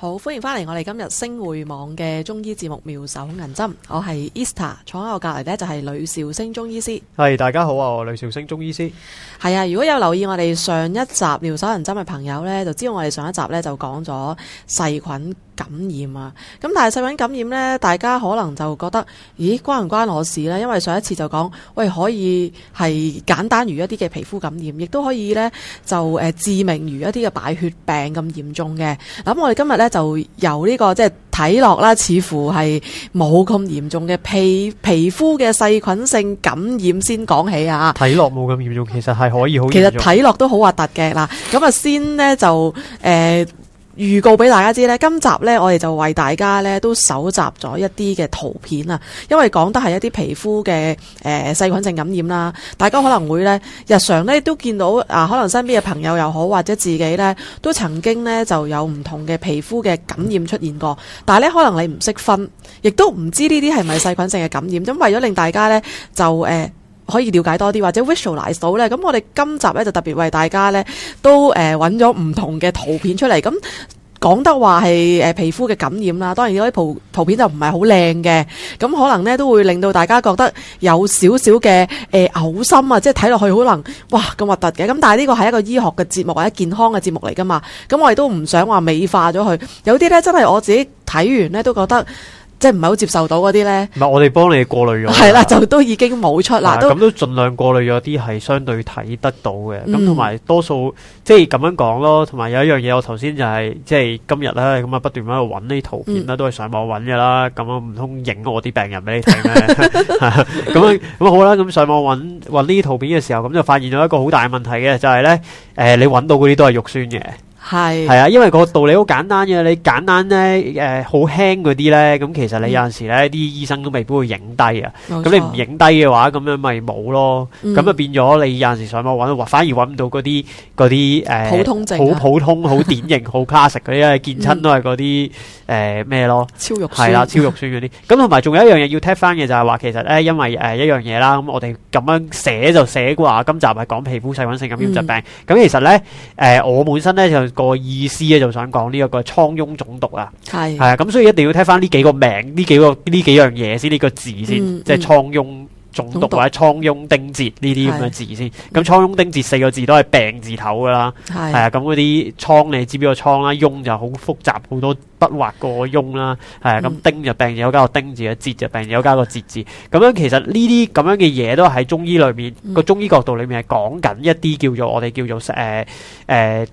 好，歡迎翻嚟！我哋今日星匯網嘅中醫節目《妙手銀針》我係 Esther，坐喺我隔籬呢就係呂兆星中醫師。係大家好啊，我呂兆星中醫師。係啊，如果有留意我哋上一集《妙手銀針》嘅朋友呢，就知道我哋上一集呢就講咗細菌。感染啊！咁但係細菌感染呢，大家可能就覺得，咦，關唔關我事呢？因為上一次就講，喂，可以係簡單如一啲嘅皮膚感染，亦都可以呢，就誒致命如一啲嘅敗血病咁嚴重嘅。咁我哋今日呢，就由呢、呢個即係睇落啦，似乎係冇咁嚴重嘅皮皮膚嘅細菌性感染先講起啊！睇落冇咁嚴重，其實係可以好。其實睇落都好核突嘅嗱，咁啊先呢，就誒。呃預告俾大家知，呢今集呢，我哋就為大家呢，都搜集咗一啲嘅圖片啊，因為講得係一啲皮膚嘅誒細菌性感染啦。大家可能會呢，日常呢都見到啊、呃，可能身邊嘅朋友又好，或者自己呢都曾經呢，就有唔同嘅皮膚嘅感染出現過。但係呢，可能你唔識分，亦都唔知呢啲係咪細菌性嘅感染。咁、嗯、為咗令大家呢，就誒。呃可以了解多啲或者 visualize 到呢。咁我哋今集呢，就特別為大家呢，都揾咗唔同嘅圖片出嚟，咁講得話係誒皮膚嘅感染啦。當然有啲圖片就唔係好靚嘅，咁可能呢，都會令到大家覺得有少少嘅誒、呃、噁心啊，即係睇落去可能哇咁核突嘅。咁但係呢個係一個醫學嘅節目或者健康嘅節目嚟噶嘛，咁我哋都唔想話美化咗佢。有啲呢，真係我自己睇完呢，都覺得。即係唔係好接受到嗰啲咧？唔係我哋幫你過濾咗，係啦，就都已經冇出啦。咁、啊、都，都盡量過濾咗啲係相對睇得到嘅，咁同埋多數即係咁樣講咯。同埋有，有一樣嘢，我頭先就係、是、即係今日咧，咁啊不斷喺度搵呢啲圖片啦，嗯、都係上網搵噶啦。咁啊唔通影我啲病人俾你睇咩？咁啊咁好啦，咁上網搵搵呢啲圖片嘅時候，咁就發現咗一個好大嘅問題嘅，就係咧誒，你搵到嗰啲都係肉酸嘅。係，係啊，因為個道理好簡單嘅，你簡單咧，誒，好輕嗰啲咧，咁其實你有陣時咧，啲醫生都未必會影低啊。咁你唔影低嘅話，咁樣咪冇咯。咁啊變咗你有陣時上網搵，反而搵唔到嗰啲嗰啲誒，普通症，好普通，好典型，好卡實嗰啲啊，見親都係嗰啲誒咩咯。超肉酸係啦，超肉酸嗰啲。咁同埋仲有一樣嘢要踢翻嘅就係話，其實咧因為誒一樣嘢啦，咁我哋咁樣寫就寫啩。今集咪講皮膚細菌性感染疾病，咁其實咧誒我本身咧就。個意思咧就想講呢一個瘡癰腫毒啊，係，係啊，咁所以一定要聽翻呢幾個名，呢幾個呢幾樣嘢先，呢個字先，即係瘡癰腫毒或者瘡癰疔癤呢啲咁嘅字先。咁瘡癰疔癤四個字都係病字頭噶啦，係啊，咁嗰啲瘡你知唔知個瘡啦？癰就好複雜，好多筆畫個癰啦，係啊，咁疔就病字有加個丁字嘅，癤就病字有加個節字。咁樣其實呢啲咁樣嘅嘢都喺中醫裏面個中醫角度裏面係講緊一啲叫做我哋叫做誒誒。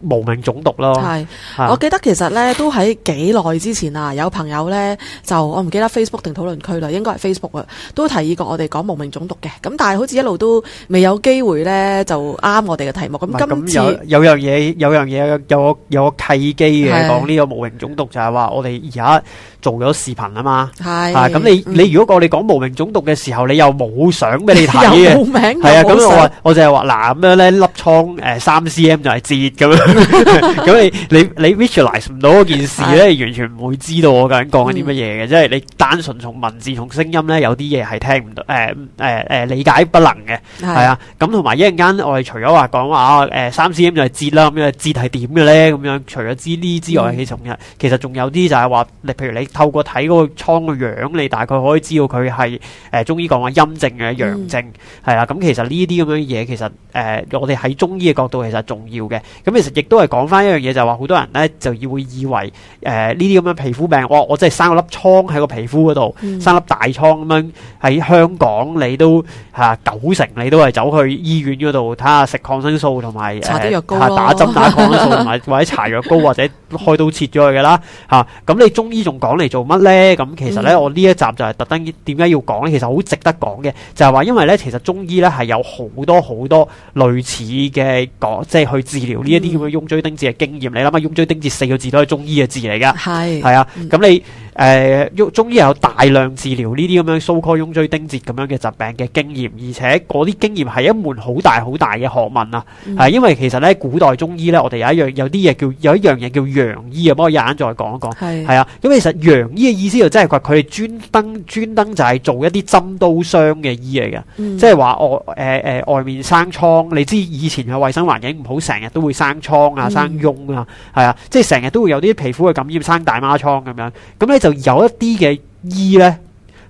無名腫毒咯，係，我記得其實咧都喺幾耐之前啊，有朋友咧就我唔記得 Facebook 定討論區啦，應該係 Facebook 啊，都提議過我哋講無名腫毒嘅，咁但係好似一路都未有機會咧就啱我哋嘅題目，咁今次有樣嘢有樣嘢有有個契機嘅講呢個無名腫毒就係話我哋而家做咗視頻啊嘛，係，咁你你如果我哋講無名腫毒嘅時候，你又冇相俾你睇嘅，係啊，咁我我就係話嗱咁樣咧粒倉誒三 cm 就係折咁樣。咁 你你你 visualise 唔到件事咧，完全唔會知道我究竟講緊啲乜嘢嘅，啊嗯、即係你單純從文字從聲音咧，有啲嘢係聽唔到，誒誒誒理解不能嘅，係啊。咁同埋一陣間我哋除咗話講話誒三 C M 就係癤啦，咁樣癤係點嘅咧？咁樣除咗知呢之外，嗯、其實其實仲有啲就係話，你譬如你透過睇嗰個瘡個樣，你大概可以知道佢係誒中醫講嘅陰症嘅、陽症係啦。咁、啊嗯嗯、其實呢啲咁樣嘢，其實誒、呃、我哋喺中醫嘅角度其實重要嘅。咁其實。亦都係講翻一樣嘢，就話、是、好多人咧，就要會以為誒呢啲咁樣皮膚病，我我真係生咗粒瘡喺個皮膚嗰度，嗯、生粒大瘡咁樣喺香港，你都吓、啊、九成，你都係走去醫院嗰度睇下，食抗生素同埋藥膏，打針，打抗生素同埋或者搽藥膏， 或者開刀切咗佢噶啦吓。咁、啊、你中醫仲講嚟做乜咧？咁其實咧，嗯、我呢一集就係特登點解要講咧，其實好值得講嘅，就係、是、話因為咧，其實中醫咧係有好多好多類似嘅講，即、就、係、是、去治療呢一啲咁癰疽疔癤嘅經驗，你諗下癰疽疔癤四個字都係中醫嘅字嚟噶，係係是 啊，咁、嗯嗯、你。誒、呃，中醫有大量治療呢啲咁樣 so call 癰疽疔癤咁樣嘅疾病嘅經驗，而且嗰啲經驗係一門好大好大嘅學問啊！係、嗯啊、因為其實咧，古代中醫咧，我哋有一樣有啲嘢叫有一樣嘢叫瘍醫啊！我一陣再講一講，係係是 啊，咁其實瘍醫嘅意思就真係佢哋專登專登就係做一啲針刀傷嘅醫嚟嘅，即係話外誒誒、呃呃呃、外面生瘡，你知以前嘅衞生環境唔好，成日都會生瘡啊生癰啊係、嗯、啊，即係成日都會有啲皮膚嘅感染生大媽瘡咁樣，咁、嗯、咧、嗯嗯有一啲嘅醫呢，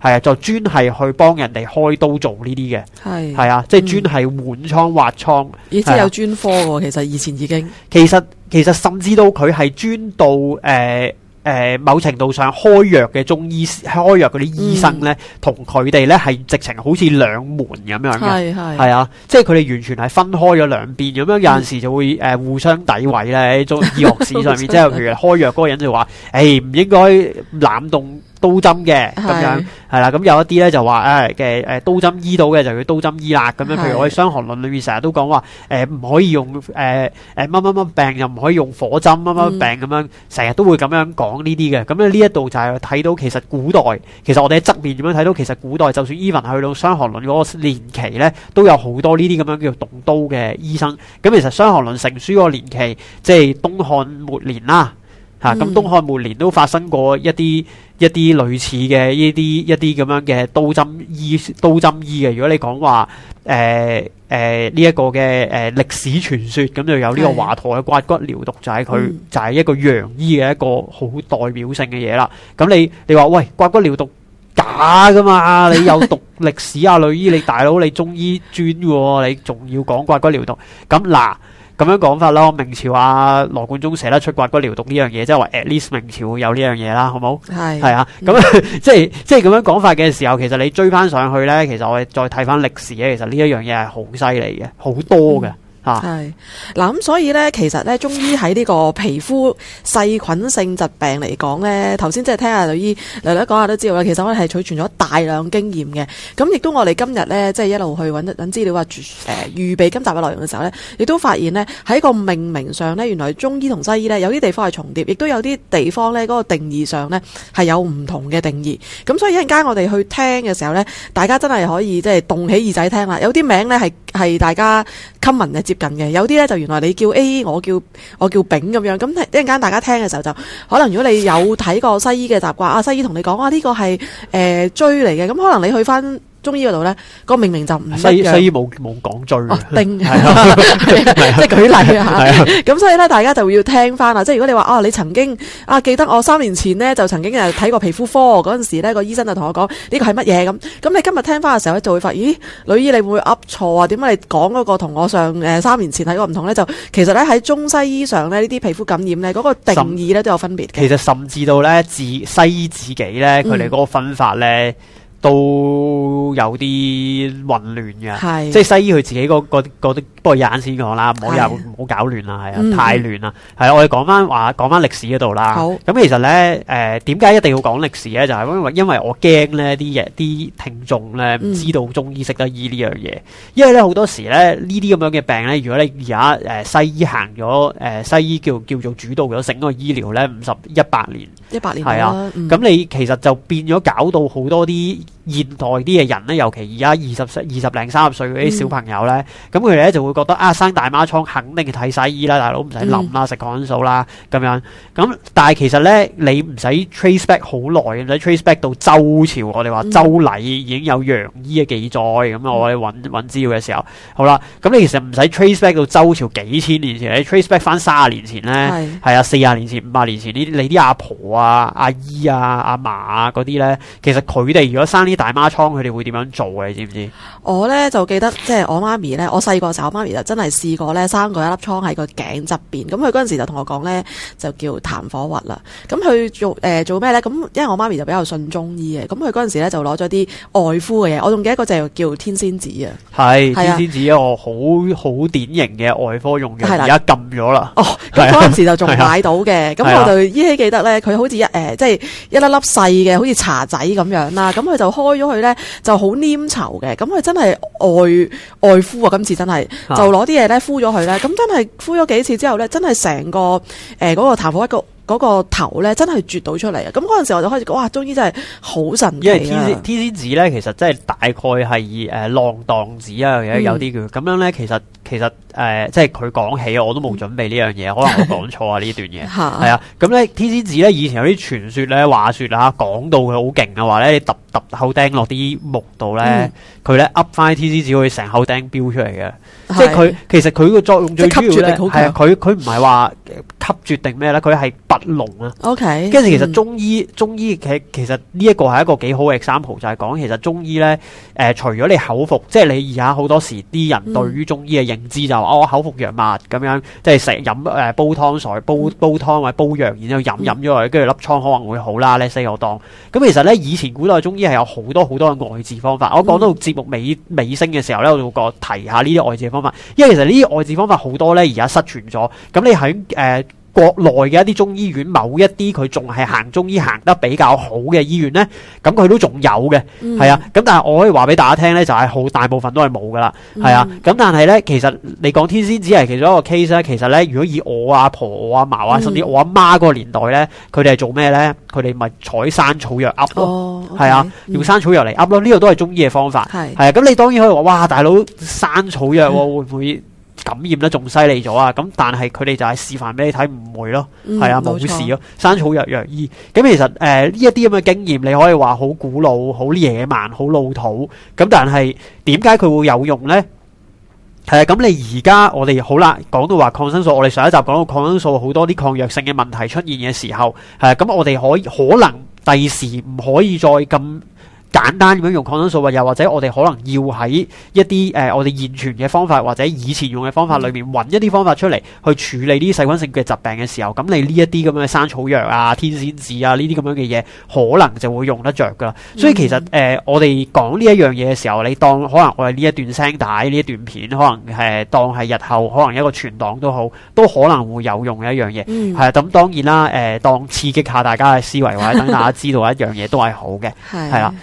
係啊，就專係去幫人哋開刀做呢啲嘅，係係是啊，即係專係換倉挖倉，即係有專科嘅。啊、其實以前已經，其實其實甚至到佢係專到誒。呃誒、呃，某程度上開藥嘅中醫、開藥嗰啲醫生咧，同佢哋咧係直情好似兩門咁樣嘅，係係，係啊，即係佢哋完全係分開咗兩邊咁樣，有陣時就會誒、呃、互相詆毀咧，喺中醫學史上面，即係譬如開藥嗰個人就話，誒唔、 欸、應該濫動。刀針嘅咁樣係啦，咁、嗯嗯、有一啲咧就話誒嘅誒刀針醫到嘅就叫刀針醫啦，咁樣。譬如我喺《傷寒論》裏面成日都講話誒唔可以用誒誒乜乜乜病，又唔可以用火針乜乜病咁樣，成日都會咁樣講呢啲嘅。咁咧呢一度就係睇到其實古代，其實我哋喺側面點樣睇到其實古代，就算 Even 去到《傷寒論》嗰個年期咧，都有好多呢啲咁樣叫動刀嘅醫生。咁其實《傷寒論》成書嗰個年期，即係東漢末年啦。啊啊吓咁、啊、東漢末年都發生過一啲一啲類似嘅呢啲一啲咁樣嘅刀針醫刀針醫嘅。如果你講話誒誒呢一個嘅誒歷史傳說，咁就有呢個華佗嘅刮骨療毒，就係佢就係一個瘍醫嘅一個好代表性嘅嘢啦。咁你你話喂，刮骨療毒假噶嘛？你有讀歷史啊？ 女醫你大佬，你中醫專喎，你仲要講刮骨療毒？咁嗱。咁樣講法咯，明朝阿、啊、羅貫中寫得出刮骨療毒呢樣嘢，即係話 at least 明朝會有呢樣嘢啦，好冇？係係啦，咁啊，嗯、 即係即係咁樣講法嘅時候，其實你追翻上去咧，其實我再睇翻歷史咧，其實呢一樣嘢係好犀利嘅，好多嘅。嗯係嗱，咁、啊啊啊、所以咧，其實咧，中醫喺呢個皮膚細菌性疾病嚟講咧，頭先即係聽阿女醫略略講下都知道啦。其實我哋係儲存咗大量經驗嘅。咁亦都我哋今日咧，即係一路去揾資料啊，誒、呃、預備今集嘅內容嘅時候咧，亦都發現呢，喺個命名上呢，原來中醫同西醫呢，有啲地方係重疊，亦都有啲地方咧嗰、那個定義上呢，係有唔同嘅定義。咁所以一陣間我哋去聽嘅時候呢，大家真係可以即係動起耳仔聽啦。有啲名呢，係係大家 common 嘅接近嘅有啲咧就原來你叫 A，我叫我叫丙咁樣，咁一陣間大家聽嘅時候就可能如果你有睇過西醫嘅習慣啊，西醫同你講啊呢、這個係誒疽嚟嘅，咁、呃嗯、可能你去返。中醫嗰度咧，個命名就唔係西醫冇冇講追定係即係舉例啊，咁所以咧，大家就會要聽翻啊，即係如果你話啊，你曾經啊記得我三年前呢，就曾經誒睇過皮膚科嗰陣時咧個醫生就同我講呢個係乜嘢咁，咁你今日聽翻嘅時候就會發咦，女醫你會噏錯啊？點解你講嗰個同我上誒三年前睇個唔同咧？就其實咧喺中西醫上咧呢啲皮膚感染咧嗰個定義咧都有分別。其實甚至到咧自西醫自己咧佢哋嗰個分法咧。嗯都有啲混亂嘅，是即係西醫佢自己嗰啲，不過眼先講啦，唔好有唔好搞亂啦，係啊，亂啊嗯，太亂啦，係啊，我哋講翻話，講翻歷史嗰度啦。咁好、嗯、其實咧，誒、呃，點解一定要講歷史咧？就係、是、因為因為我驚咧啲嘢，啲聽眾咧知道中醫識得醫呢樣嘢，因為咧好多時咧呢啲咁樣嘅病咧，如果你而家誒西醫行咗，誒西醫叫叫做主導咗成個醫療咧五十一百年。一百年係啊，咁、啊嗯、你其實就變咗搞到好多啲。現代啲嘅人咧，尤其而家二十、二十零三十歲嗰啲小朋友咧，咁佢哋咧就會覺得啊，生大媽倉肯定係睇西醫啦，大佬唔使諗啦，嗯、食抗生素啦咁樣。咁但係其實咧，你唔使 trace back 好耐，唔使 trace back 到周朝，我哋話周禮已經有瘍醫嘅記載。咁、嗯、我哋揾資料嘅時候，好啦，咁你其實唔使 trace back 到周朝幾千年前，你 trace back 翻三十年前咧，係是 啊，四十年前、五十年前，啲你啲阿婆啊、阿姨啊、阿嫲啊嗰啲咧，其實佢哋如果生呢？大媽瘡佢哋會點樣做嘅？你知唔知？我咧就記得，即係我媽咪咧，我細個時候，我媽咪就真係試過咧生過一粒瘡喺個頸側邊。咁佢嗰陣時就同我講咧，就叫痰火核啦。咁佢、呃、做誒做咩咧？咁因為我媽咪就比較信中醫嘅。咁佢嗰陣時咧就攞咗啲外敷嘅嘢。我仲記得個就叫天仙子對啊。係天仙子一個好好，好典型嘅外科用嘅，而家禁咗啦、 啊。哦，咁嗰陣時就仲買到嘅。咁、 啊、我就依稀記得咧，佢好似一誒、呃，即係一粒粒細嘅，好似茶仔咁樣啦。咁佢就開咗佢咧就好黏稠嘅，咁佢真係外外敷啊！今次真係就攞啲嘢咧敷咗佢咧，咁真係敷咗幾次之後咧，真係成個誒嗰、呃那個痰火一個嗰個頭咧，真係啜到出嚟啊！咁嗰陣時我就開始哇，中醫真係好神奇、啊、因為天天仙子咧，其實真係大概係誒、呃、莨菪子啊，有有啲嘅咁樣咧，其實。其實誒、呃，即係佢講起，我都冇準備呢樣嘢，可能我講錯啊呢段嘢，係啊，咁咧天仙子咧以前有啲傳說咧，話說啦，講到佢好勁嘅話咧，你揼揼口釘落啲木度咧，佢咧噏翻天仙子會成口釘飆出嚟嘅，嗯、即係佢其實佢個作用最主要咧係佢佢唔係話吸啜定咩咧，佢係拔膿啊。O K，跟住其實中醫中醫其其實呢一個係一個幾好嘅 example，就係、是、講其實中醫咧誒、呃，除咗你口服，即係你而家好多時啲人對於中醫嘅認唔知就我口服藥物咁樣，即係食飲誒、呃、煲湯水煲煲湯或者煲藥，然後飲飲咗，佢，跟住粒瘡可能會好啦。呢四個當，咁其實咧以前古代中醫係有好多好多嘅外治方法。我講到節目尾尾聲嘅時候咧，我就個提下呢啲外治方法，因為其實呢啲外治方法好多咧而家失傳咗。咁你喺誒。呃國內嘅一啲中醫院，某一啲佢仲係行中醫行得比較好嘅醫院呢，咁佢都仲有嘅，係、嗯、啊。咁但係我可以話俾大家聽呢，就係、是、好大部分都係冇噶啦，係、嗯、啊。咁但係呢，其實你講天仙只係其中一個 case 咧，其實呢，如果以我阿、啊、婆、啊、我阿嫲啊，甚至我阿媽嗰個年代呢，佢哋係做咩呢？佢哋咪採山草藥㗋咯，係、哦、啊，嗯、用山草藥嚟㗎咯，呢個都係中醫嘅方法，係的。係啊，咁你當然可以話，哇，大佬，山草藥會唔會？感染得仲犀利咗啊！咁但係佢哋就係示範俾你睇，唔會咯，係、嗯、啊，冇事咯，錯生草藥藥醫。咁其實誒呢一啲咁嘅經驗，你可以話好古老、好野蠻、好老土。咁但係點解佢會有用呢？係、呃、啊，咁你而家我哋好啦，講到話抗生素，我哋上一集講到抗生素好多啲抗藥性嘅問題出現嘅時候，係、呃、咁我哋可以可能第時唔可以再咁。簡單咁樣用抗生素啊，又或者我哋可能要喺一啲誒、呃、我哋現存嘅方法或者以前用嘅方法裏面，揾一啲方法出嚟去處理啲細菌性嘅疾病嘅時候，咁你呢一啲咁樣嘅生草藥啊、天仙子啊呢啲咁樣嘅嘢，可能就會用得著噶啦。所以其實誒、呃，我哋講呢一樣嘢嘅時候，你當可能我哋呢一段聲帶、呢一段片，可能誒當係日後可能一個存檔都好，都可能會有用嘅一樣嘢。嗯。係啊，咁當然啦，誒、呃、當刺激下大家嘅思維或者等大家知道一樣嘢都係好嘅。係。係啦。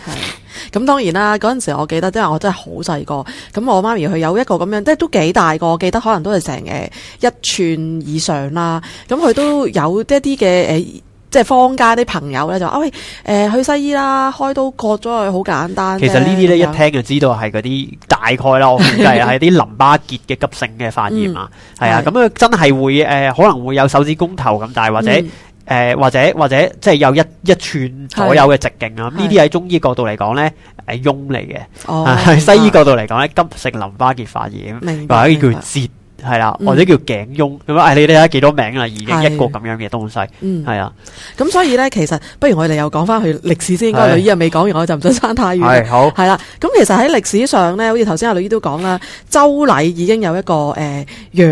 咁當然啦，嗰陣時我記得即係我真係好細個，咁我媽咪佢有一個咁樣，即係都幾大個，我記得可能都係成誒一寸以上啦。咁佢都有一啲嘅誒，即、呃、係坊間啲朋友咧就話，喂、哎，誒、呃、去西醫啦，開刀割咗佢好簡單。其實呢啲咧後一聽就知道係嗰啲大概咯，就係啲淋巴結嘅急性嘅發炎、嗯、啊，係啊，咁佢真係會誒可能會有手指公頭咁大或者、嗯。誒、呃、或者或者即係有一一寸左右嘅直徑啊！呢啲喺中醫角度嚟講咧，誒癰嚟嘅；係、哦、 西醫角度嚟講咧，急性白淋巴結發炎，嗱呢白叫癤。係啦，或者叫頸癰，咁啊、嗯哎！你你睇下幾多名已經一個咁樣嘅東西，係啊。咁所以呢，其實不如我哋又講翻去歷史先。阿的女醫又未講完，我就唔想差太遠。好，係啦。咁、嗯、其實喺歷史上呢，好似頭先阿女醫都講啦，周禮已經有一個誒，瘍、呃、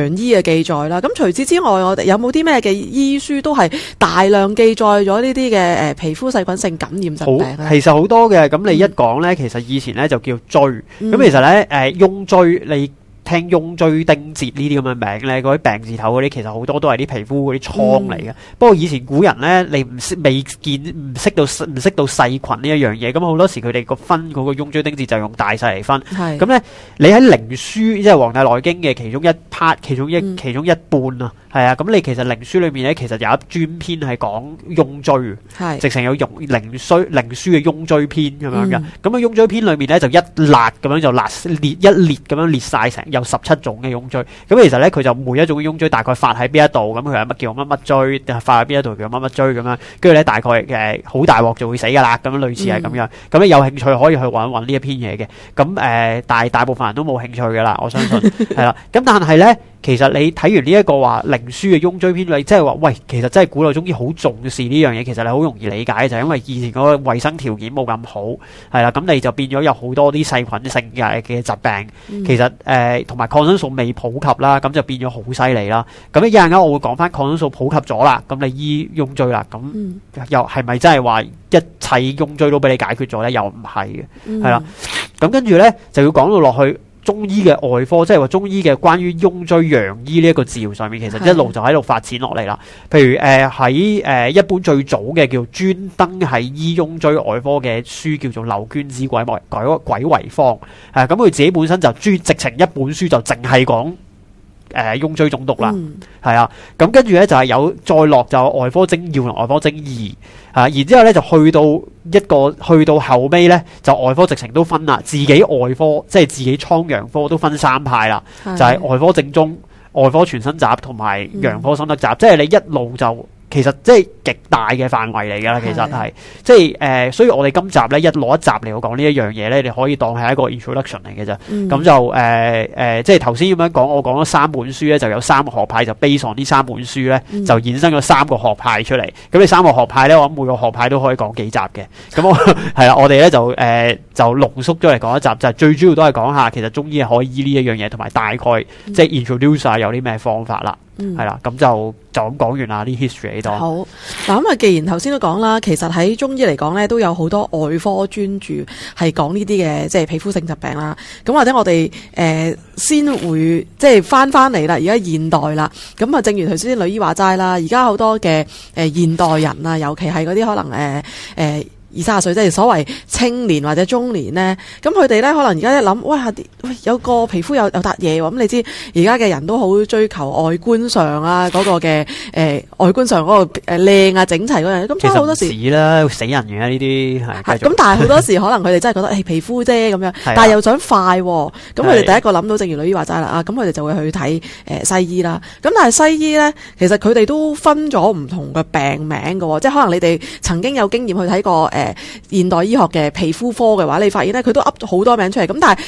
醫嘅記載啦。咁除此之外，我哋有冇啲咩嘅醫書都係大量記載咗呢啲嘅誒，皮膚細菌性感染疾病？其實好多嘅。咁你一講呢，其實以前呢就叫疽。咁、嗯、其實呢，誒、呃，癰疽你。聽癰疽疔癤呢啲咁嘅名咧，嗰啲病字頭嗰啲，其實好多都係啲皮膚嗰啲瘡嚟嘅。嗯、不過以前古人咧，你唔識未見唔識到唔識到細菌呢一樣嘢，咁、嗯、好多時佢哋個分嗰個癰疽疔癤就用大細嚟分。咁咧是，你喺靈樞即係《黃、就是、帝內經》嘅其中一 part，其中一其中一、嗯、其中一半啊，係啊。咁你其實靈樞裏面咧，其實有一專篇係講癰疽，是 直成有《靈靈樞》靈樞嘅癰疽篇咁樣嘅。咁啊，癰疽篇裏面咧就一辣咁樣就辣裂一列咁樣列晒成。有十七種嘅癰疽，咁其實咧佢就每一種癰疽大概發喺邊一度，咁佢係乜叫乜乜疽，發喺邊一度叫乜乜疽咁樣，跟住咧大概誒好、呃、大鑊就會死噶啦，咁樣類似係咁樣，咁你有興趣可以去揾揾呢一篇嘢嘅，咁誒、呃、大大部分人都冇興趣噶啦，我相信係啦，咁 但係咧。其實你睇完呢、這、一個話《靈樞》嘅癰疽篇，你即係話，喂，其實真係古代中醫好重視呢樣嘢。其實你好容易理解就係、是、因為以前個衞生條件冇咁好，係啦，咁你就變咗有好多啲細菌性嘅嘅疾病。其實誒，同、呃、埋抗生素未普及啦，咁就變咗好犀利啦。咁一陣間我會講返抗生素普及咗啦，咁你醫癰疽啦，咁又係咪真係話一切癰疽都俾你解決咗咧？又唔係嘅，係啦。咁跟住咧就要講到落去。中醫嘅外科，即係話中醫嘅關於癰疽瘍醫呢一個治療上面，其實一路就喺度發展落嚟啦。譬如誒，喺、呃、誒、呃、一本最早嘅叫做專登係醫癰疽外科嘅書，叫做《劉涓子鬼墨改鬼遺方》。誒、啊，咁佢自己本身就專直情一本書就淨係講。誒，癰疽腫毒啦，係啊、嗯，咁跟住咧就係、是、有再落就外科精要同外科精義，係、啊，然之後咧就去到一個去到後尾咧就外科直情都分啦，自己外科即係自己瘡瘍科都分三派啦，是的 就係外科正宗、外科全生集同埋瘍科心得集。嗯、即係你一路就。其實即係極大嘅範圍嚟㗎啦，其實係即係誒、呃，所以我哋今集咧一攞一集嚟講呢一樣嘢咧，你可以當係一個 introduction 嚟嘅啫。咁、嗯、就誒誒、呃呃，即係頭先咁樣講，我講咗三本書咧，就有三個學派就 based on 呢三本書咧，嗯、就衍生咗三個學派出嚟。咁你三個學派咧，我諗每個學派都可以講幾集嘅。咁的樣我係啦， 我哋咧就誒、呃、就濃縮咗嚟講一集，就是、最主要都係講下其實中醫係可以醫呢一樣嘢，同埋大概即係 introduce 有啲咩方法啦。嗯，係啦，咁 就就咁講完啦，啲 history 喺度。好，嗱咁啊，既然頭先都講啦，其實喺中醫嚟講咧，都有好多外科專注係講呢啲嘅，即係皮膚性疾病啦。咁或者我哋誒、呃、先會即係翻翻嚟啦，而家現代啦。咁啊，正如頭先啲女醫話齋啦，而家好多嘅誒、呃、現代人啊，尤其係嗰啲可能誒誒。呃呃二三十歲即係所謂青年或者中年咧，咁佢哋咧可能而家一諗，哇有個皮膚有有笪嘢喎，咁、嗯、你知而家嘅人都好追求外觀上啊嗰、嗰個嘅誒、呃、外觀上嗰個誒靚啊整齊嗰樣，咁好多時啦會死人嘅呢啲咁，但係好多時可能佢哋真係覺得、 哎、皮膚啫咁樣，但係又想快喎、啊，咁佢哋第一個諗到，正如女醫話齋啦啊，咁佢哋就會去睇誒西醫啦。咁但係西醫咧，其實佢哋都分咗唔同嘅病名㗎，即係可能你哋曾經有經驗去睇過誒。呃誒，現代醫學嘅皮膚科嘅話，你發現咧佢都噏咗好多名出嚟。咁但係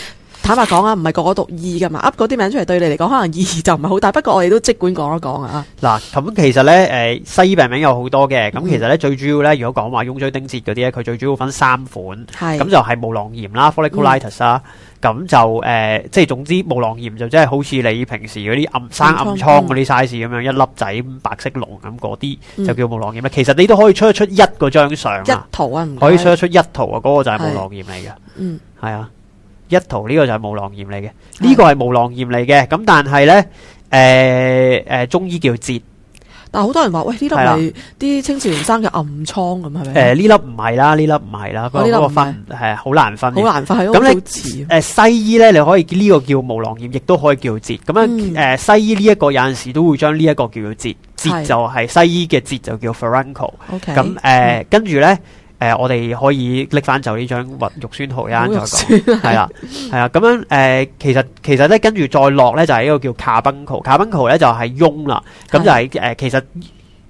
坦白講啊，唔係個個讀醫噶嘛，噏嗰啲名出嚟對你嚟講可能意義就唔係好大，不過我哋都即管講一講啊。嗱，咁其實咧，誒，西醫病名有好多嘅，咁、嗯、其實咧最主要咧，如果講話癰疽疔癤嗰啲咧，佢最主要分三款，咁是就係毛囊炎啦，folliculitis 啦。咁就誒、呃，即係總之，毛囊炎就即係好似你平時嗰啲暗生暗瘡嗰啲 size 咁樣、嗯、一粒仔白色瘤咁嗰啲，就叫毛囊炎啦。嗯、其實你都可以出得出一個張相，一圖啊，可以出得出一圖啊，嗰、嗰個就係毛囊炎嚟嘅。嗯，係啊，一圖呢個就係毛囊炎嚟嘅，呢、呢個係毛囊炎嚟嘅。咁、嗯、但係呢，誒、呃、誒、呃呃，中醫叫癤。但好、啊、多人話，喂，呢粒係啲青少年生嘅暗瘡咁，係咪、呃？誒，呢粒唔係啦，呢粒唔係啦，不過、哦、分係啊，好難，難分。好難分，咁你誒西醫咧，你可以呢個叫毛囊炎，亦都可以叫做癤。咁樣誒西醫呢一個有陣時都會將呢一個叫做癤，癤就係、是、是西醫嘅癤就叫 furuncle Okay,。OK，咁誒跟住咧。誒、呃，我哋可以拎翻就呢張玉玉宣豪一陣再講，係啦，係 啦樂，咁樣誒，其實其實咧跟住再落咧就係、是、一個叫 carbuncle，carbuncle 咧就係、是、癰啦，咁的就係、是、誒、呃，其實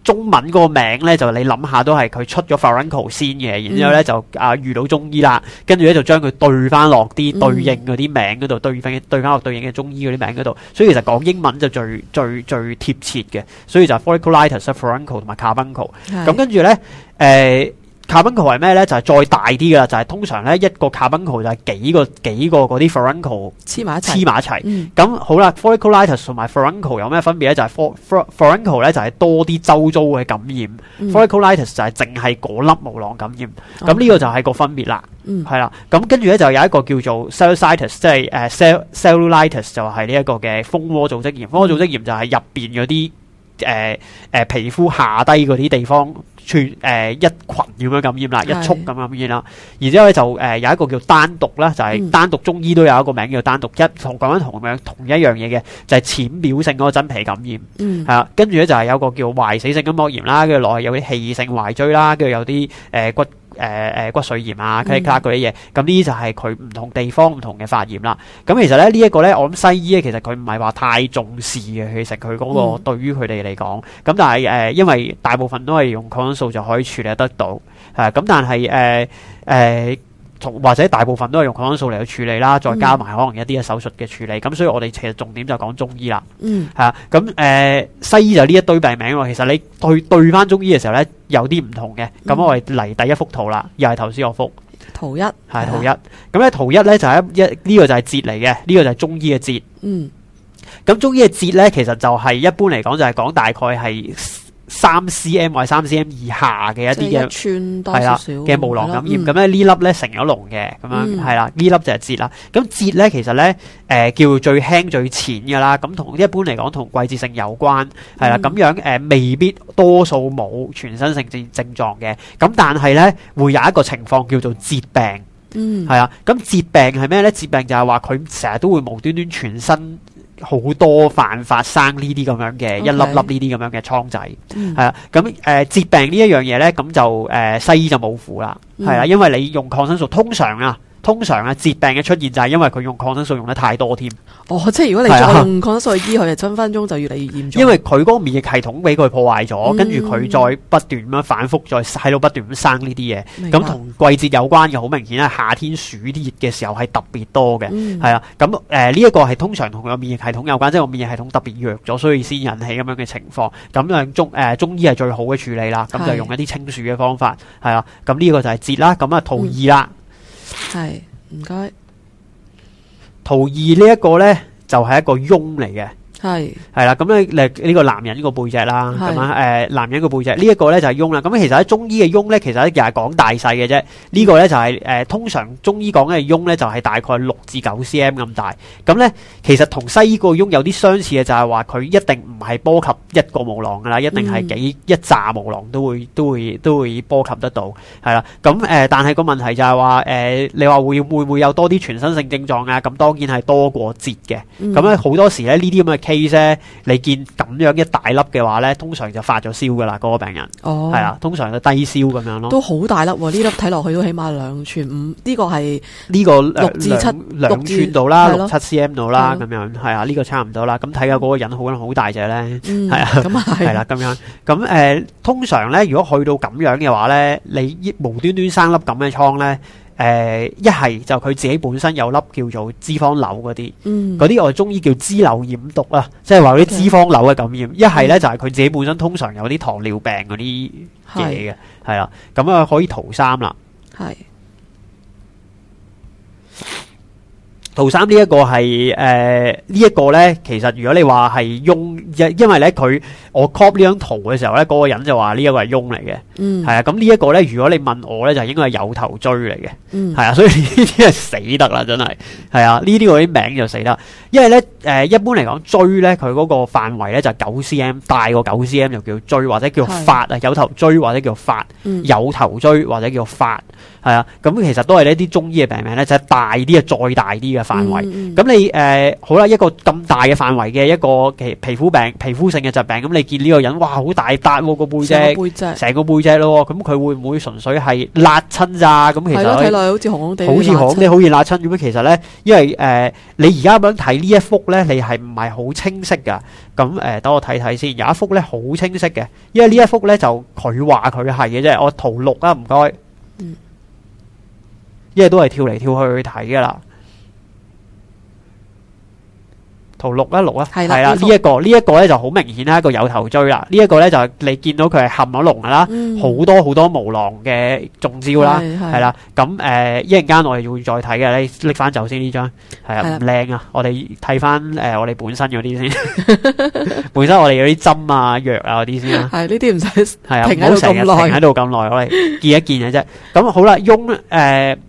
中文嗰個名咧就你諗下都係佢出咗 f r a furuncle 先嘅，然之後咧就啊遇到中醫啦，跟住咧就將佢對翻落啲對應嗰啲名嗰度、嗯、對翻對翻落對應嘅中醫嗰啲名嗰度，所以其實講英文就最最最，最貼切嘅，所以就係 folliculitis、furuncle 同埋 carbuncle，咁跟住咧誒。呃呃卡賓庫係咩咧？就係、是、再大啲嘅啦，就係、是、通常咧一個卡賓庫就係幾個幾個嗰啲菲蘭庫黐埋一黐埋一齊。咁、嗯、好啦，forencallitis 同埋、嗯、f r 菲蘭庫有咩分別咧？就係菲菲菲蘭庫咧就係多啲周遭嘅感染，forencallitis 就係淨係嗰粒毛囊感染。咁呢個就係個分別、嗯、啦。係啦，咁跟住咧就有一個叫做 cellulitis，即係誒、uh，cell cellulitis 就係呢一個嘅蜂窩組織炎。蜂窩組織炎就係入邊嗰啲誒誒皮膚下低嗰啲地方。嗯全誒、呃、一群咁樣感染啦，一束咁樣感染啦，然之後咧就誒、呃、有一個叫丹毒啦，就係、是、丹毒中醫都有一個名叫丹毒一同講緊同樣同一樣嘢嘅，就係、是、淺表性嗰個真皮感染，係啦、嗯啊，跟住咧就係有個叫壞死性嘅膜炎啦，跟住落嚟有啲氣性壞疽啦，跟住有啲誒、呃、骨。誒誒、呃、骨髓炎啊，其、嗯、他嗰啲嘢，咁呢啲就係佢唔同地方唔同嘅發炎啦。咁其實咧呢一、這個咧，我諗西醫咧，其實佢唔係話太重視嘅。其實佢嗰個對於佢哋嚟講，咁但係誒、呃，因為大部分都係用抗生素就可以處理得到，吓、啊、咁但係誒誒。呃呃嗯或者大部分都係用抗生素嚟去處理啦，再加埋可能一啲嘅手術嘅處理，咁、嗯、所以我哋其實重點就講中醫啦。嗯，係啊，咁、呃、誒西醫就呢一堆病名，其實你對對翻中醫嘅時候呢，有啲唔同嘅。咁、嗯、我哋嚟第一幅圖啦，又係頭先嗰幅圖一係圖一。咁咧圖，圖一呢，就一一呢個就係癤嚟嘅，呢、這個就係中醫嘅癤。嗯，咁中醫嘅癤呢，其實就係、是、一般嚟講就係講大概係，三 cm 或三 cm 以下嘅一啲嘅係啦嘅毛囊感染，咁咧的、嗯、呢、嗯、粒咧成咗膿嘅，咁樣係啦，呢粒就係癤啦。咁癤咧其實咧，誒叫最輕最淺噶啦。咁同一般嚟講，同季節性有關，係啦。咁、嗯、樣誒、呃、未必多數冇全身性症症狀嘅。咁但係咧會有一個情況叫做癤病，嗯，係啦。咁癤病係咩咧？癤病就係話佢成日都會無端端，端全身。好多犯法生呢啲咁樣嘅一粒粒、嗯啊呃、一呢啲咁樣嘅瘡仔，係、呃、啦，咁誒癤病呢一樣嘢咧，咁就誒西醫就冇苦啦，係啦、嗯，因為你用抗生素通常啊。通常啊，癤病嘅出現就係因為佢用抗生素用得太多添。哦，即係如果你再用抗生素、啊、去醫佢，分分鐘就越嚟越嚴重。因為佢嗰個免疫系統俾佢破壞咗，跟住佢再不斷咁樣反覆，再喺度不斷咁生呢啲嘢。咁同白季節有關嘅好明顯係夏天暑熱嘅時候係特別多嘅，係、嗯、啊。咁誒呢一個係通常同個免疫系統有關，即係個免疫系統特別弱咗，所以先引起咁樣嘅情況。咁樣中誒、呃、中醫係最好嘅處理啦，咁就用一啲清暑嘅方法，係啊。咁呢個就係癤啦，咁啊、嗯，圖二啦。係，唔該。圖二呢一個咧，就係、是、一個癰嚟嘅。係係啦，咁咧嚟呢個男人個背脊啦，咁啊誒男人背、這個背脊呢一個咧就係癰啦。咁其實喺中醫嘅癰咧，其實咧又係講大細嘅啫。呢、這個咧就係、是、誒、呃、通常中醫講嘅癰咧、嗯，就係大概六至九 cm 咁大。咁咧其實同西醫個癰有啲相似嘅，就係話佢一定唔係波及一個毛囊噶啦，一定係幾、嗯、一揸毛囊都會都會都會波及得到。係啦，咁、嗯、誒、呃、但係個問題就係話誒你話會會唔會有多啲全身性症狀啊？咁、嗯、當然係多過癤嘅。咁咧好多時咧呢啲咁嘅 case 你見咁樣一大粒嘅話呢，通常就發咗燒噶啦，嗰個病人。哦，係啊，通常就低燒咁樣咯。都好大粒，呢粒睇落去都起碼兩寸五，呢個係呢個六至七兩寸度啦，六七 cm 度啦，咁樣係啊，呢個差唔多啦。咁睇下嗰個人好好大隻呢，係啊，係啦，咁樣。咁誒，通常呢，如果去到咁樣嘅話呢，你無端端生粒咁嘅瘡呢。誒，一係就佢自己本身有粒叫做脂肪瘤嗰啲，嗰啲、嗯、我哋中醫叫脂瘤染毒啊，即係話嗰啲脂肪瘤嘅感染。一係咧就係、是、佢自己本身通常有啲糖尿病嗰啲嘢嘅，係啦是的，咁啊可以逃三啦。係。圖三呢一個係誒，呢一個咧，其實如果你話係癰，因為咧佢我 copy 呢張圖嘅時候咧，嗰個人就話呢一個係癰嚟嘅，係、嗯、啊。咁呢一個咧，如果你問我咧，就應該係有頭疽嚟嘅，係、嗯、啊。所以呢啲係死得啦，真係係啊。呢啲嗰啲名就死得，因為咧誒、呃，一般嚟講疽咧，佢嗰個範圍咧就係九 cm 大個九 cm 就叫疽或者叫發啊，是 有頭疽或者叫發，嗯、有頭疽或者叫發。係啊，咁、嗯嗯、其實都係呢啲中醫嘅病名咧，就係、是、大啲啊，再大啲嘅範圍。咁你誒、呃、好啦，一個咁大嘅範圍嘅一個皮皮膚病、皮膚性嘅疾病。咁你見呢個人，哇，好大笪、哦，那個背脊，背脊成個背脊咯。咁佢會唔會純粹係辣親咋？咁、嗯、其實睇嚟好似紅紅好似好似焫親咁樣。其實咧，因為誒、呃、你而家咁樣睇呢一幅咧，你係唔係好清晰噶？咁誒，等、呃、我睇睇先。有一幅咧好清晰嘅，因為呢一幅咧就佢話佢係嘅啫。我圖六啊，唔該、嗯。依家都係跳嚟跳去去睇噶啦，圖六一六啊，係啦呢一個呢一個咧就好明顯係一個有頭疽啦。這個、呢一個咧就係你見到佢係合咗籠噶啦，好、嗯、多好多無狼嘅中招啦，係啦。咁誒，一陣間我哋會再睇嘅，你拎翻走先呢張，係啊唔靚、嗯、啊，啊。我哋睇翻誒我哋本身嗰啲先，本身我哋有啲針啊藥啊嗰啲先啦。係呢啲唔使係啊，唔好成日停喺度咁耐，我哋見一見嘅啫、嗯。咁好啦，庸誒。嗯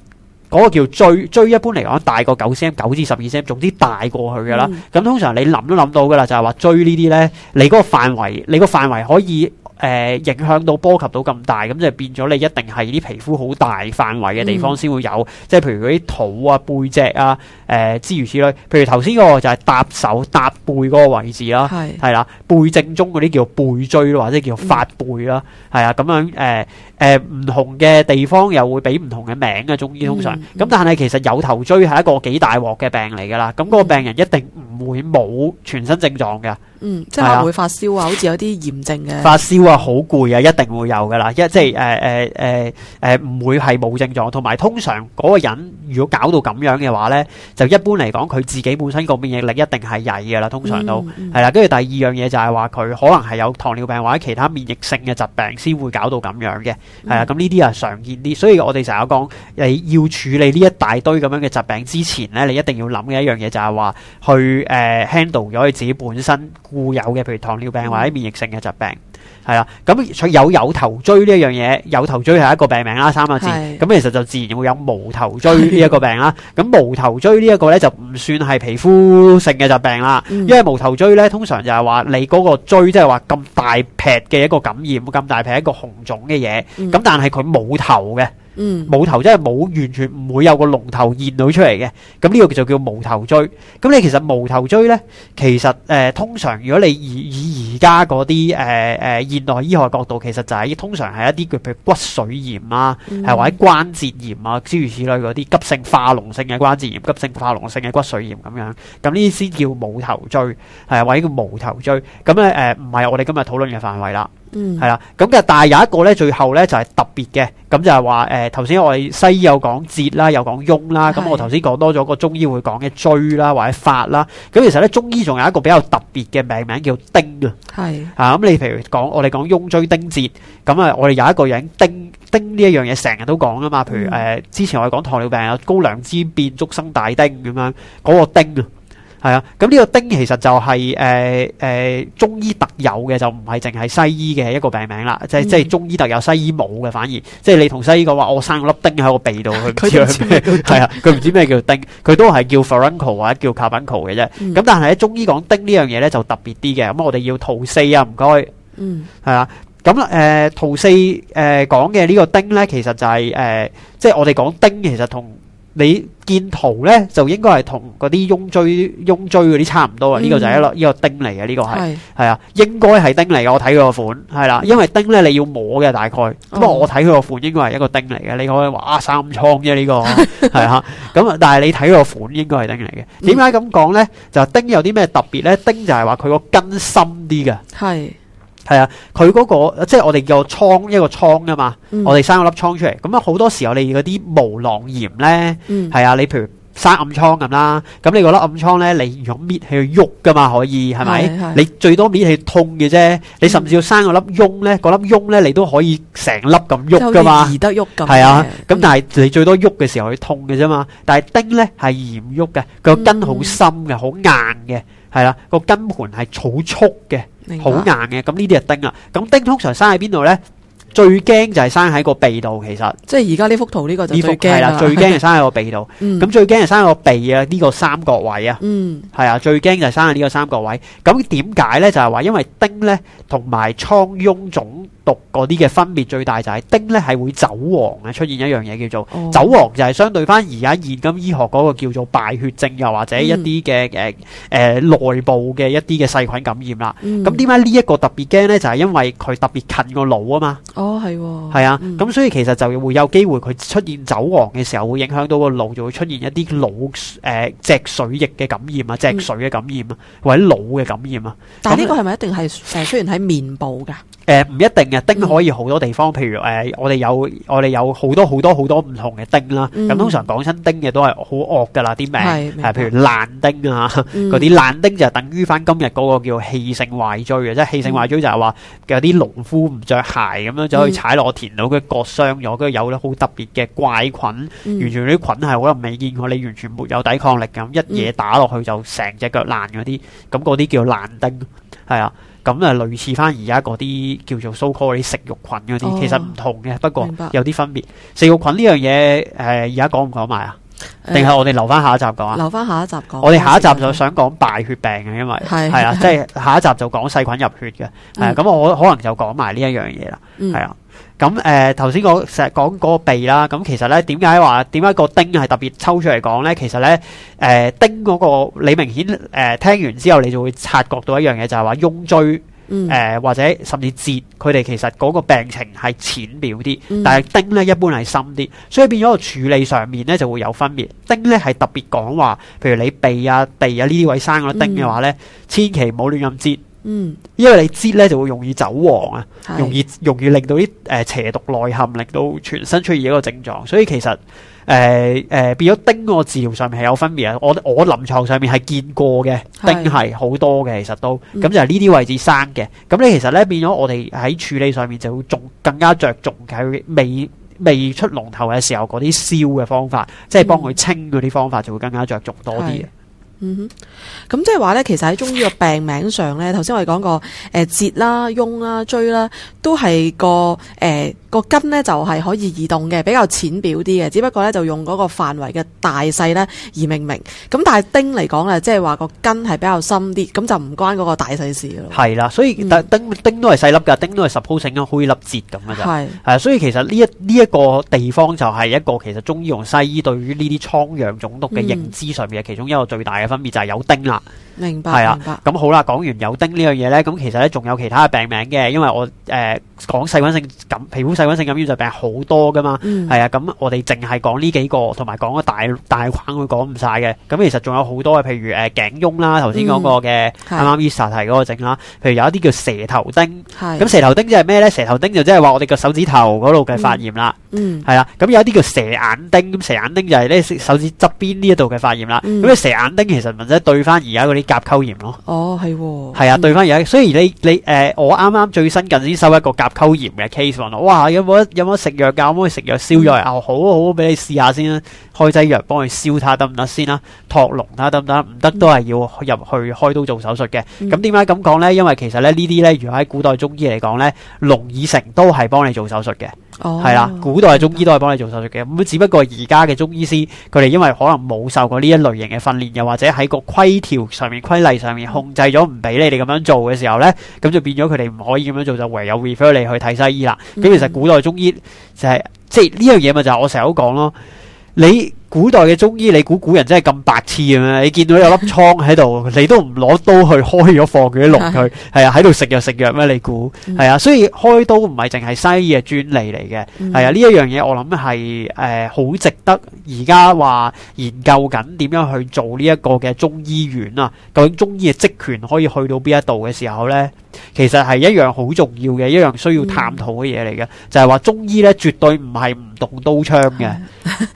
嗰個叫疽，疽一般嚟講大過九 cm 九至十二 cm，總之大過去嘅啦。咁、嗯、通常你諗都諗到㗎啦，就係話疽呢啲咧，你嗰個範圍，你個範圍可以誒、呃、影響到波及到咁大，咁就變咗你一定係啲皮膚好大範圍嘅地方先會有，嗯、即係譬如嗰啲肚啊、背脊啊、誒、呃、諸如此類。譬如頭先嗰個就係搭手搭背嗰個位置啦，係是 啦，背正中嗰啲叫背疽或者叫發背啦，係啊、嗯，咁樣誒。呃呃誒，唔同嘅地方又會俾唔同嘅名嘅中醫通常，咁但係其實有頭疽係一個幾大鑊嘅病嚟噶啦，咁嗰個病人一定唔會冇全身症狀嘅，嗯，即係會發燒啊，好似有啲炎症嘅，發燒啊，好攰啊，一定會有噶啦，一即係誒誒誒誒唔會係冇症狀，同埋通常嗰個人如果搞到咁樣嘅話咧，就一般嚟講佢自己本身個免疫力一定係弱噶啦，通常都係啦，跟住第二樣嘢就係話佢可能係有糖尿病或者其他免疫性嘅疾病先會搞到咁樣嘅。係、嗯、啊，咁呢啲啊常見啲，所以我哋成日講，你要處理呢一大堆咁樣嘅疾病之前咧，你一定要諗嘅一樣嘢就係話，去誒 handle 咗你自己本身固有嘅，譬如糖尿病或者免疫性嘅疾病。係啦，咁所以有有頭疽呢一樣嘢，有頭疽係一個病名啦，三個字。咁是的 其實就自然會有無頭疽呢一個病啦。咁 無頭疽呢一個咧，就唔算係皮膚性嘅疾病啦。嗯、因為無頭疽咧，通常就係話你嗰個疽即係話咁大劈嘅一個感染，咁大劈一個紅腫嘅嘢。咁、嗯、但係佢冇頭嘅。嗯，冇頭真係冇完全唔會有個龍頭現到出嚟嘅，咁呢個叫做叫無頭疽。咁你其實無頭疽呢，其實誒、呃、通常如果你以以而家嗰啲誒誒現代醫學角度，其實就係、是、通常係一啲叫譬如骨髓炎啊，係、嗯、或者關節炎啊，諸如此類嗰啲急性化膿性嘅關節炎、急性化膿性嘅骨髓炎咁樣，咁呢啲先叫冇頭疽，係、呃、或者叫無頭疽。咁咧誒唔係我哋今日討論嘅範圍啦。嗯，係啦，咁嘅，但係有一個咧，最後咧就係、是、特別嘅，咁就係話誒，頭、呃、先我哋西醫有講癤啦，又講癰啦，咁是的 我頭先講多咗個中醫會講嘅疽」啦或者法啦，咁其實咧中醫仲有一個比較特別嘅命名叫疔」。是的 啊，係啊，咁你譬如講我哋講癰疽疔癤，咁啊，我哋有一個嘢疔」，疔呢一樣嘢成日都講噶嘛，譬如誒、呃，之前我哋講糖尿病啊，有膏粱之變足生大疔」咁、那、樣、個，嗰個疔。係啊，咁呢個疔其實就係誒誒中醫特有嘅，就唔係淨係西醫嘅一個病名啦，即係即係中醫特有，西醫冇嘅反而，即係你同西醫講話我生粒疔喺我鼻度，佢唔知係咩，係啊，佢唔知咩叫疔，佢都係叫 furuncle 或者叫 carbuncle 嘅啫。咁但係咧中醫講疔呢樣嘢咧就特別啲嘅，咁我哋要圖四啊，唔該，嗯，係啊，咁誒圖四誒講嘅呢個疔咧，其實就係誒即係我哋講疔其實同。你見圖咧，就應該係同嗰啲癰疽、癰疽嗰啲差唔多啊！呢個就係一個，呢個疔嚟嘅，呢個係，係啊，應該係疔嚟嘅。我睇佢個款係啦，因為疔咧你要摸嘅大概。咁啊，我睇佢個款應該係一個疔嚟嘅。你可以話啊，生暗瘡啫呢個係嚇。咁啊，但係你睇個款應該係疔嚟嘅。點解咁講咧？就係疔有啲咩特別咧？疔就係話佢個根深啲嘅。係。係啊，佢嗰、那個即係我哋叫瘡，一個瘡㗎嘛，嗯、我哋生一粒瘡出嚟，咁啊，好多時候你嗰啲毛囊炎咧，係、嗯、啊，你譬如。生暗瘡咁啦，咁你嗰粒暗瘡咧，你如果搣係喐噶嘛，可以係咪？你最多搣係痛嘅啫，你甚至要生嗰粒癰咧，嗰粒癰咧，你都可以成粒咁喐噶嘛，係啊。咁但係你最多喐嘅時候係痛嘅啫嘛。但係疔咧係移唔喐嘅，個根好深嘅，好硬嘅，係啦，個根盤係草束嘅，好硬嘅。咁呢啲係疔啦。咁疔通常生喺邊度咧？最驚就係生喺個鼻度，其實。即係而家呢幅圖呢個就最驚啦。係啦， 最驚係生喺個鼻度。咁最驚係生喺個鼻啊，呢個三角位啊。嗯。係啊，最驚就係生喺呢個三角位。咁點解咧？就係、是、話因為疔咧同埋瘡癰腫毒嗰啲嘅分別最大就係疔咧係會走黃嘅，出現一樣嘢叫做走黃，就係相對返而家現今醫學嗰個叫做敗血症又或者一啲嘅誒誒內部嘅一啲嘅細菌感染啦。咁點解呢一個特別驚咧？就係因為佢特別近個腦啊嘛。哦，係喎，係啊，咁所以其實就會有機會佢出現走黃嘅時候，會影響到個腦，就會出現一啲腦誒脊髓液嘅感染啊、脊髓嘅感染啊，或者腦嘅感染啊。但係呢個係咪一定係誒出現喺面部㗎？誒唔一定釘可以好多地方，譬如誒、呃，我哋有我哋有好多好多好多唔同嘅疔啦。咁、嗯、通常講親疔嘅都係好惡噶啦，啲名係譬如爛疔啊，嗰啲爛疔就等於翻今日嗰個叫做氣性壞疽啊，即係氣性壞疽就係話有啲農夫唔着鞋咁樣就可以踩落田度，佢割傷咗，跟住有咗好特別嘅怪菌，嗯、完全啲菌係我又未見過，你完全沒有抵抗力咁，一嘢打落去就成隻腳爛嗰啲，咁嗰啲叫爛疔，係啊。咁啊，類似翻而家嗰啲叫做 so-called 嗰啲食肉菌嗰啲，哦、其實唔同嘅，不過有啲分別。白食肉菌呢樣嘢，誒而家講唔講埋啊？定係、欸、我哋留翻下，下，下，下一集講啊？留翻下一集講。我哋下一集就想講敗血病嘅、啊，因為係啊，即係下一集就講細菌入血嘅。係啊， 咁我可能就講埋呢一樣嘢啦。係啊、嗯。咁誒，頭先、呃、我成日講嗰個鼻啦，咁其實咧，點解話點解個疔係特別抽出嚟講咧？其實咧，誒，疔嗰個、呃那個、你明顯誒、呃，聽完之後你就會察覺到一樣嘢，就係話癰疽，誒或者甚至癤，佢哋其實嗰個病情係淺表啲，嗯、但係疔咧一般係深啲，所以變咗個處理上面咧就會有分別。疔咧係特別講話，譬如你鼻啊、鼻啊呢啲位生咗疔嘅話咧，嗯、千祈唔好亂咁截。嗯，因為你知咧就會容易走黃啊，是容易容易令到啲誒、呃、邪毒內陷，令到全身出現一個症狀。所以其實誒誒、呃呃、變咗疔個治療上面係有分別啊。我我臨床上面係見過嘅疔係好多嘅，其實都咁就係呢啲位置生嘅。咁、嗯、你其實咧變咗我哋喺處理上面就會仲更加着重喺未未出龍頭嘅時候嗰啲消嘅方法，即係幫佢清嗰啲方法就會更加着重多啲嘅，嗯。嗯嗯哼，咁即係話咧，其實喺中醫個病名上咧，頭先我哋講過，誒、呃，癤啦、癰啦、疽啦，都係個誒。呃個根咧就係、是、可以移動嘅，比較淺表啲嘅，只不過咧就用嗰個範圍嘅大細咧而命名。咁但係疔嚟講啊，即係話個根係比較深啲，咁就唔關嗰個大細事咯。係啦，所以但疔疔都係細粒噶，疔都係十毫升嘅，可以粒折咁噶。就係係，所以其實呢一呢一、這個地方就係一個其實中醫同西醫對於呢啲瘡瘍腫毒嘅認知上面嘅、嗯、其中一個最大嘅分別就係有疔啦。明白，係啊。咁好啦，講完有疔呢樣嘢咧，咁其實咧仲有其他嘅病名嘅，因為我誒講細菌性感皮膚細菌性感染就病好多噶嘛，係啊。咁我哋淨係講呢幾個，同埋講個大大框，佢講唔晒嘅。咁其實仲有好多嘅，譬如誒頸癰啦，頭先講過嘅，啱啱 Elsa 提嗰個症啦。譬如有一啲叫蛇頭疔，係咁蛇頭疔即係咩咧？蛇頭疔就即係話我哋個手指頭嗰度嘅發炎啦，係啊。咁有啲叫蛇眼疔，蛇眼疔就係咧手指側邊呢一度嘅發炎啦。咁啊蛇眼疔其實問真對翻而家嗰啲。甲溝炎咯，哦係，係啊對返而家，所以你你誒我啱啱最新近先收一個甲溝炎嘅 case 喎，哇有冇有冇食藥噶，有冇食藥燒藥啊，好好俾你試下先，開劑藥幫你燒下得唔得先啦，托龍啦得唔得，唔得都係要入去開刀做手術嘅，咁點解咁講咧？因為其實咧呢啲咧，如果喺古代中醫嚟講咧，龍以成都係幫你做手術嘅。係啦、哦，古代中醫都係幫你做手術嘅，咁的只不過而家嘅中醫師佢哋因為可能冇受過呢一類型嘅訓練，又或者喺個規條上面、規例上面控制咗唔俾你哋咁樣做嘅時候咧，咁就變咗佢哋唔可以咁樣做，就唯有 refer 你去睇西醫啦。咁、嗯、哼其實古代中醫就係、是就是、即係呢樣嘢，咪就係我成日都講咯，你。古代嘅中醫，你估古人真係咁白痴嘅咩？你見到有粒瘡喺度，你都唔攞刀去開咗放佢啲膿，佢係啊喺度食藥食藥咩？你估係、嗯、啊？所以開刀唔係淨係西醫嘅專利嚟嘅，係啊，呢一樣嘢我諗係誒好值得而家話研究緊點樣去做呢一個嘅中醫院啊？究竟中醫嘅職權可以去到邊一度嘅時候咧？其實係一樣好重要嘅一樣需要探討嘅嘢嚟嘅，就係、是、話中醫咧絕對唔係唔動刀槍嘅，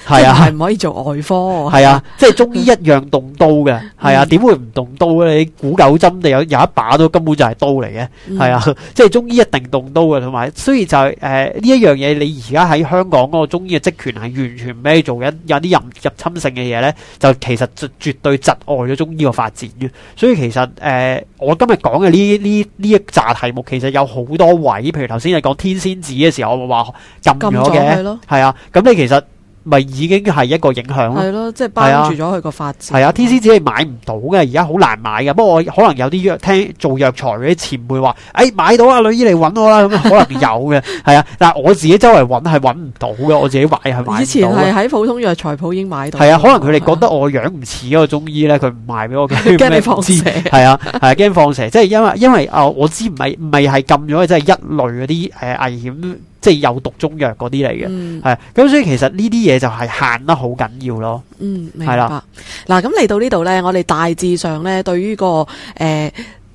係 啊，係唔可以做外科，啊，係啊， 即係中醫一樣動刀嘅，係啊，點會唔動刀咧？你古九針你有有一把都根本就係刀嚟嘅，係啊，即係中醫一定動刀嘅，同埋，雖然就係誒呢一樣嘢，你而家喺香港嗰個中醫嘅職權係完全唔可做緊有啲入入侵性嘅嘢咧，就其實就絕對窒礙咗中醫嘅發展嘅。所以其實誒、呃，我今日講嘅呢呢呢。一紮題目其實有好多位，譬如頭先你講天仙子嘅時候，我話禁咗嘅，係啊，咁你其實。咪已經係一個影響咯，係咯， 即係包住咗佢個發展，啊。係、嗯、啊，T C 只係買唔到嘅，而家好難買嘅。不過我可能有啲藥，聽做藥材嗰啲前輩話，誒、哎，買到啊，女醫嚟搵我啦，咁可能有嘅，係 啊。但係我自己周圍搵係搵唔到嘅，我自己買係買唔到嘅。以前係喺普通藥材鋪已經買到。係啊，可能佢哋覺得我樣唔似一個中醫咧，佢唔賣俾我嘅，驚 你放蛇。係 啊，係驚放蛇。即係因為因為啊，我知唔係唔係係禁咗，即、就、係、是、一類嗰啲誒危險。即係有毒中藥嗰啲嚟嘅，係咁、嗯、所以其實呢啲嘢就係限得好緊要咯。嗯，係啦。嗱咁嚟到呢度呢，我哋大致上呢對於個誒、呃、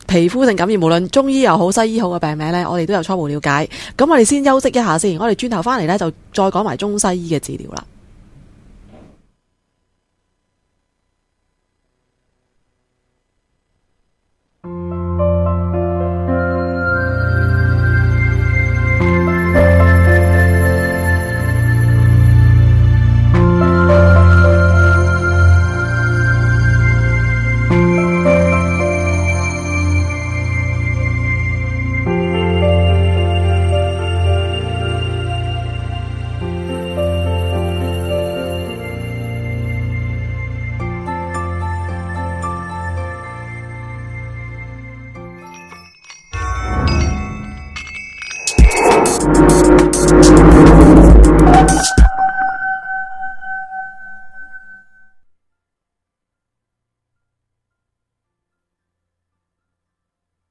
皮膚性感染，無論中醫又好西醫好嘅病名呢，我哋都有初步了解。咁我哋先休息一下先，我哋轉頭翻嚟呢，就再講埋中西醫嘅治療啦。